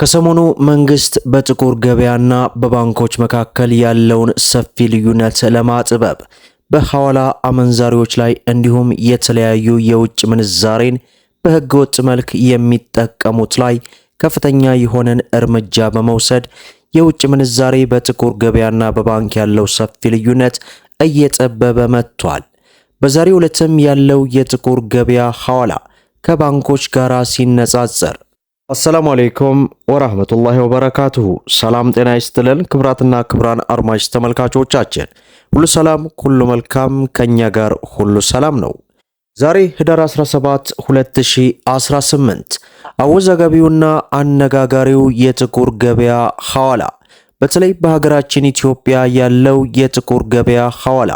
ከሰሞኑ መንግስት በጥቁር ገበያና በባንኮች መካከል ያለውን ሰፊ ልዩነት ለማጥበብ በሐዋላ አመንዛሪዎች ላይ እንዲሁም የተለያዩ የውጭ ምንዛሬን በሕገ ወጥ መልክ የሚጠቀሙት ላይ ከፍተኛ የሆነን እርምጃ በመውሰድ የውጭ ምንዛሬ በጥቁር ገበያና በባንክ ያለው ሰፊ ልዩነት እየጠበበ መጥቷል። በዛሬው ዕለትም ያለው የጥቁር ገበያ ሐዋላ ከባንኮች ጋር ሲነጻጸር አሰላሙ አሌይኩም ወራህመቱላሂ ወበረካቱሁ። ሰላም ጤና ይስጥልን ክብራትና ክብራን አድማጭ ተመልካቾቻችን ሁሉ ሰላም ሁሉ መልካም፣ ከኛ ጋር ሁሉ ሰላም ነው። ዛሬ ህዳር 17 2018 አወዛጋቢውና አነጋጋሪው የጥቁር ገበያ ሐዋላ በተለይ በሀገራችን ኢትዮጵያ ያለው የጥቁር ገበያ ሐዋላ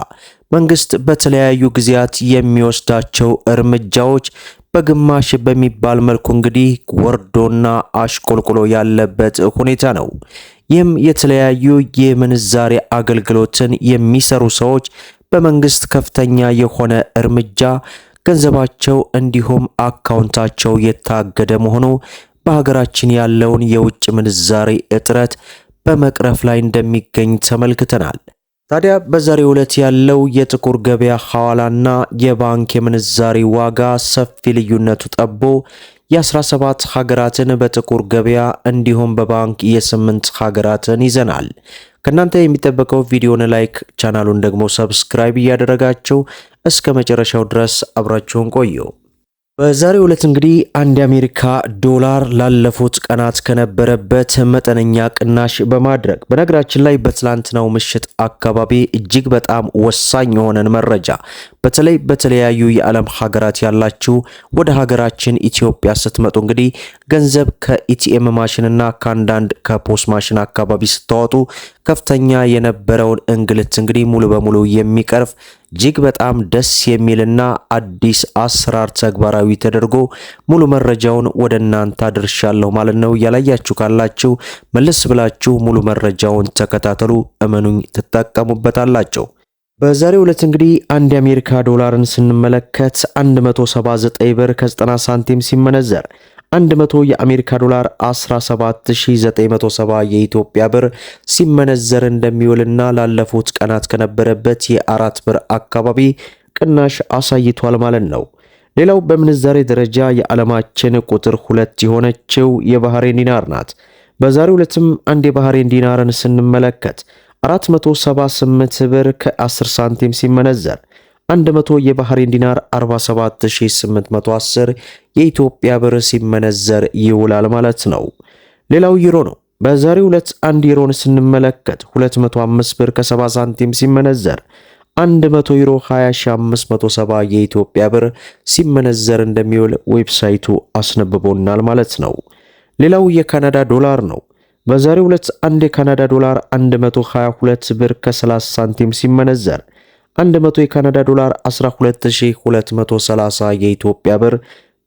መንግስት በተለያዩ ጊዜያት የሚወስዳቸው እርምጃዎች በግማሽ በሚባል መልኩ እንግዲህ ወርዶና አሽቆልቁሎ ያለበት ሁኔታ ነው። ይህም የተለያዩ የምንዛሬ አገልግሎትን የሚሰሩ ሰዎች በመንግስት ከፍተኛ የሆነ እርምጃ ገንዘባቸው እንዲሁም አካውንታቸው የታገደ መሆኑ በሀገራችን ያለውን የውጭ ምንዛሬ እጥረት በመቅረፍ ላይ እንደሚገኝ ተመልክተናል። ታዲያ በዛሬው ዕለት ያለው የጥቁር ገበያ ሐዋላና የባንክ የምንዛሪ ዋጋ ሰፊ ልዩነቱ ጠቦ የ17 ሀገራትን በጥቁር ገበያ እንዲሁም በባንክ የ8 ሀገራትን ይዘናል። ከእናንተ የሚጠበቀው ቪዲዮን ላይክ፣ ቻናሉን ደግሞ ሰብስክራይብ እያደረጋችሁ እስከ መጨረሻው ድረስ አብራችሁን ቆዩ። በዛሬው ዕለት እንግዲህ አንድ የአሜሪካ ዶላር ላለፉት ቀናት ከነበረበት መጠነኛ ቅናሽ በማድረግ በነገራችን ላይ በትላንትናው ምሽት አካባቢ እጅግ በጣም ወሳኝ የሆነን መረጃ በተለይ በተለያዩ የዓለም ሀገራት ያላችሁ ወደ ሀገራችን ኢትዮጵያ ስትመጡ እንግዲህ ገንዘብ ከኢቲኤም ማሽንና ከአንዳንድ ከፖስት ማሽን አካባቢ ስታወጡ ከፍተኛ የነበረውን እንግልት እንግዲህ ሙሉ በሙሉ የሚቀርፍ እጅግ በጣም ደስ የሚልና አዲስ አሰራር ተግባራዊ ተደርጎ ሙሉ መረጃውን ወደ እናንተ አድርሻለሁ ማለት ነው። ያላያችሁ ካላችሁ መለስ ብላችሁ ሙሉ መረጃውን ተከታተሉ። እመኑኝ ትጠቀሙበታላችሁ። በዛሬው ዕለት እንግዲህ አንድ የአሜሪካ ዶላርን ስንመለከት 179 ብር ከ90 ሳንቲም ሲመነዘር 100 የአሜሪካ ዶላር 17970 የኢትዮጵያ ብር ሲመነዘር እንደሚውልና ላለፉት ቀናት ከነበረበት የአራት ብር አካባቢ ቅናሽ አሳይቷል ማለት ነው። ሌላው በምንዛሬ ደረጃ የዓለማችን ቁጥር ሁለት የሆነችው የባህሬን ዲናር ናት። በዛሬው ዕለትም አንድ የባህሬን ዲናርን ስንመለከት 478 ብር ከ10 ሳንቲም ሲመነዘር 100 የባህሪን ዲናር 47810 የኢትዮጵያ ብር ሲመነዘር ይውላል ማለት ነው። ሌላው ዩሮ ነው። በዛሬ ሁለት አንድ ዩሮን ስንመለከት 205 ብር ከ70 ሳንቲም ሲመነዘር 100 ዩሮ 20570 የኢትዮጵያ ብር ሲመነዘር እንደሚውል ዌብሳይቱ አስነብቦናል ማለት ነው። ሌላው የካናዳ ዶላር ነው። በዛሬ ሁለት አንድ የካናዳ ዶላር 122 ብር ከ30 ሳንቲም ሲመነዘር 100 የካናዳ ዶላር 12230 የኢትዮጵያ ብር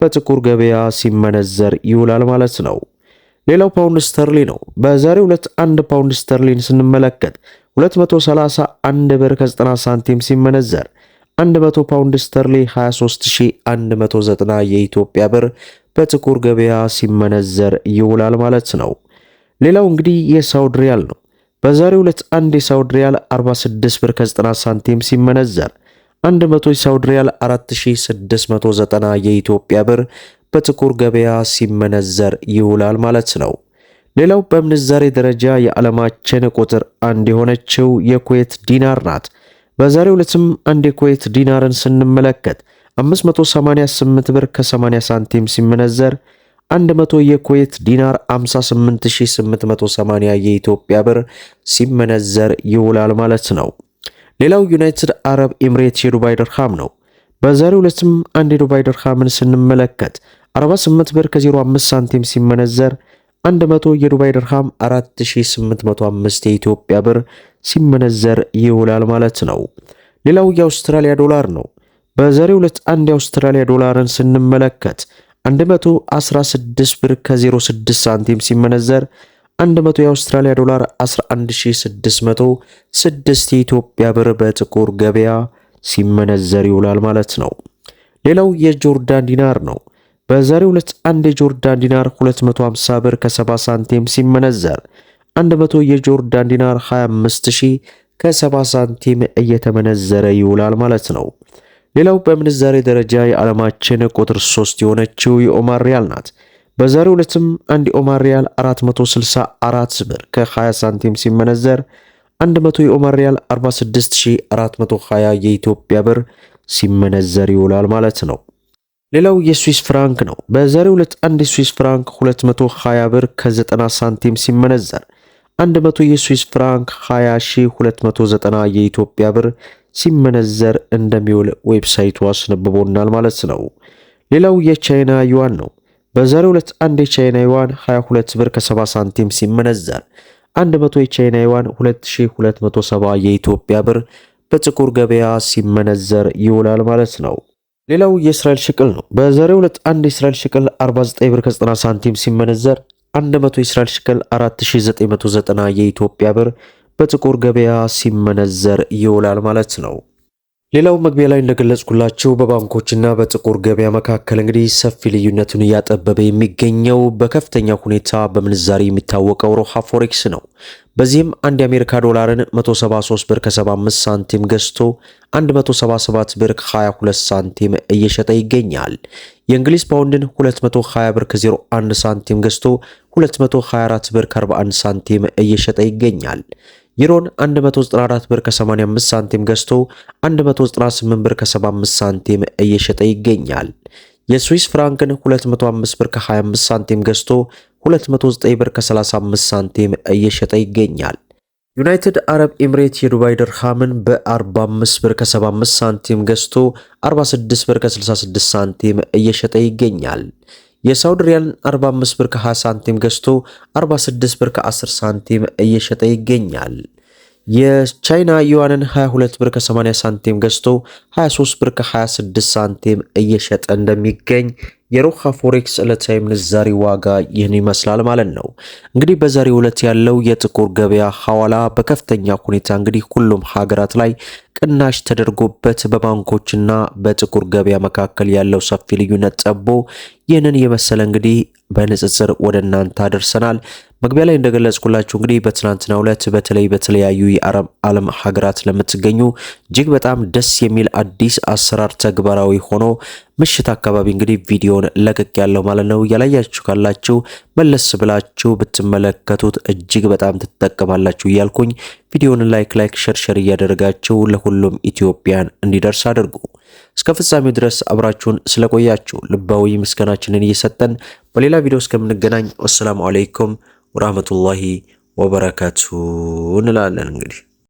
በጥቁር ገበያ ሲመነዘር ይውላል ማለት ነው። ሌላው ፓውንድ ስተርሊ ነው። በዛሬ ሁለት አንድ ፓውንድ ስተርሊን ስንመለከት 231 ብር ከ90 ሳንቲም ሲመነዘር 100 ፓውንድ ስተርሊ 23190 የኢትዮጵያ ብር በጥቁር ገበያ ሲመነዘር ይውላል ማለት ነው። ሌላው እንግዲህ የሳውድ ሪያል ነው። በዛሬው ዕለት አንድ የሳውድ ሪያል 46 ብር ከ90 ሳንቲም ሲመነዘር 100 የሳውድ ሪያል 4690 የኢትዮጵያ ብር በጥቁር ገበያ ሲመነዘር ይውላል ማለት ነው። ሌላው በምንዛሬ ደረጃ የዓለማችን ቁጥር አንድ የሆነችው የኩዌት ዲናር ናት። በዛሬው ዕለትም አንድ የኩዌት ዲናርን ስንመለከት 588 ብር ከ80 ሳንቲም ሲመነዘር 100 የኩዌት ዲናር 58880 የኢትዮጵያ ብር ሲመነዘር ይውላል ማለት ነው። ሌላው ዩናይትድ አረብ ኤምሬትስ የዱባይ ድርሃም ነው። በዛሬው ዕለትም አንድ የዱባይ ድርሃምን ስንመለከት 48 ብር ከ05 ሳንቲም ሲመነዘር 100 የዱባይ ድርሃም 4805 የኢትዮጵያ ብር ሲመነዘር ይውላል ማለት ነው። ሌላው የአውስትራሊያ ዶላር ነው። በዛሬው ዕለት አንድ የአውስትራሊያ ዶላርን ስንመለከት 116 ብር ከ06 ሳንቲም ሲመነዘር 100 የአውስትራሊያ ዶላር 11606 የኢትዮጵያ ብር በጥቁር ገበያ ሲመነዘር ይውላል ማለት ነው። ሌላው የጆርዳን ዲናር ነው። በዛሬው ዕለት አንድ የጆርዳን ዲናር 250 ብር ከ70 ሳንቲም ሲመነዘር 100 የጆርዳን ዲናር 25000 ከ70 ሳንቲም እየተመነዘረ ይውላል ማለት ነው። ሌላው በምንዛሬ ደረጃ የዓለማችን ቁጥር 3 የሆነችው የኦማር ሪያል ናት። በዛሬው ዕለትም አንድ የኦማር ሪያል 464 ብር ከ20 ሳንቲም ሲመነዘር 100 የኦማር ሪያል 46420 የኢትዮጵያ ብር ሲመነዘር ይውላል ማለት ነው። ሌላው የስዊስ ፍራንክ ነው። በዛሬው ዕለት አንድ የስዊስ ፍራንክ 220 ብር ከ90 ሳንቲም ሲመነዘር 100 የስዊስ ፍራንክ 20290 የኢትዮጵያ ብር ሲመነዘር እንደሚውል ዌብሳይቱ አስነብቦናል ማለት ነው። ሌላው የቻይና ዩዋን ነው። በዛሬው ዕለት አንድ የቻይና ዩዋን 22 ብር ከ70 ሳንቲም ሲመነዘር 100 የቻይና ዩዋን 2270 የኢትዮጵያ ብር በጥቁር ገበያ ሲመነዘር ይውላል ማለት ነው። ሌላው የእስራኤል ሽቅል ነው። በዛሬው ዕለት አንድ የእስራኤል ሽቅል 49 ብር ከ90 ሳንቲም ሲመነዘር 100 የእስራኤል ሽቅል 4990 የኢትዮጵያ ብር በጥቁር ገበያ ሲመነዘር ይውላል ማለት ነው። ሌላው መግቢያ ላይ እንደገለጽኩላችሁ በባንኮችና በጥቁር ገበያ መካከል እንግዲህ ሰፊ ልዩነቱን እያጠበበ የሚገኘው በከፍተኛ ሁኔታ በምንዛሪ የሚታወቀው ሮሃ ፎሬክስ ነው። በዚህም አንድ የአሜሪካ ዶላርን 173 ብር ከ75 ሳንቲም ገዝቶ 177 ብር ከ22 ሳንቲም እየሸጠ ይገኛል። የእንግሊዝ ፓውንድን 220 ብር ከ01 ሳንቲም ገዝቶ 224 ብር ከ41 ሳንቲም እየሸጠ ይገኛል። ዩሮን 194 ብር ከ85 ሳንቲም ገዝቶ 198 ብር ከ75 ሳንቲም እየሸጠ ይገኛል። የስዊስ ፍራንክን 205 ብር ከ25 ሳንቲም ገዝቶ 209 ብር ከ35 ሳንቲም እየሸጠ ይገኛል። ዩናይትድ አረብ ኤምሬት የዱባይ ድርሃምን በ45 ብር ከ75 ሳንቲም ገዝቶ 46 ብር ከ66 ሳንቲም እየሸጠ ይገኛል። የሳውዲ ሪያልን 45 ብር ከ20 ሳንቲም ገዝቶ 46 ብር ከ10 ሳንቲም እየሸጠ ይገኛል። የቻይና ዩዋንን 22 ብር ከ80 ሳንቲም ገዝቶ 23 ብር ከ26 ሳንቲም እየሸጠ እንደሚገኝ የሮሃ ፎሬክስ ዕለታዊ ምንዛሬ ዋጋ ይህን ይመስላል ማለት ነው። እንግዲህ በዛሬው ዕለት ያለው የጥቁር ገበያ ሐዋላ በከፍተኛ ሁኔታ እንግዲህ ሁሉም ሀገራት ላይ ቅናሽ ተደርጎበት በባንኮችና በጥቁር ገበያ መካከል ያለው ሰፊ ልዩነት ጠቦ ይህንን የመሰለ እንግዲህ በንጽጽር ወደ እናንተ አደርሰናል። መግቢያ ላይ እንደገለጽኩላችሁ እንግዲህ በትናንትናው ዕለት በተለይ በተለያዩ የአረብ ዓለም ሀገራት ለምትገኙ እጅግ በጣም ደስ የሚል አዲስ አሰራር ተግባራዊ ሆኖ ምሽት አካባቢ እንግዲህ ቪዲዮን ለቅቅ ያለው ማለት ነው። እያላያችሁ ካላችሁ መለስ ብላችሁ ብትመለከቱት እጅግ በጣም ትጠቀማላችሁ እያልኩኝ ቪዲዮን ላይክ ላይክ ሸርሸር እያደረጋችሁ ለሁሉም ኢትዮጵያን እንዲደርስ አድርጉ። እስከ ፍጻሜው ድረስ አብራችሁን ስለቆያችሁ ልባዊ ምስጋናችንን እየሰጠን በሌላ ቪዲዮ እስከምንገናኝ ወሰላሙ አለይኩም ወራህመቱላሂ ወበረካቱ እንላለን እንግዲህ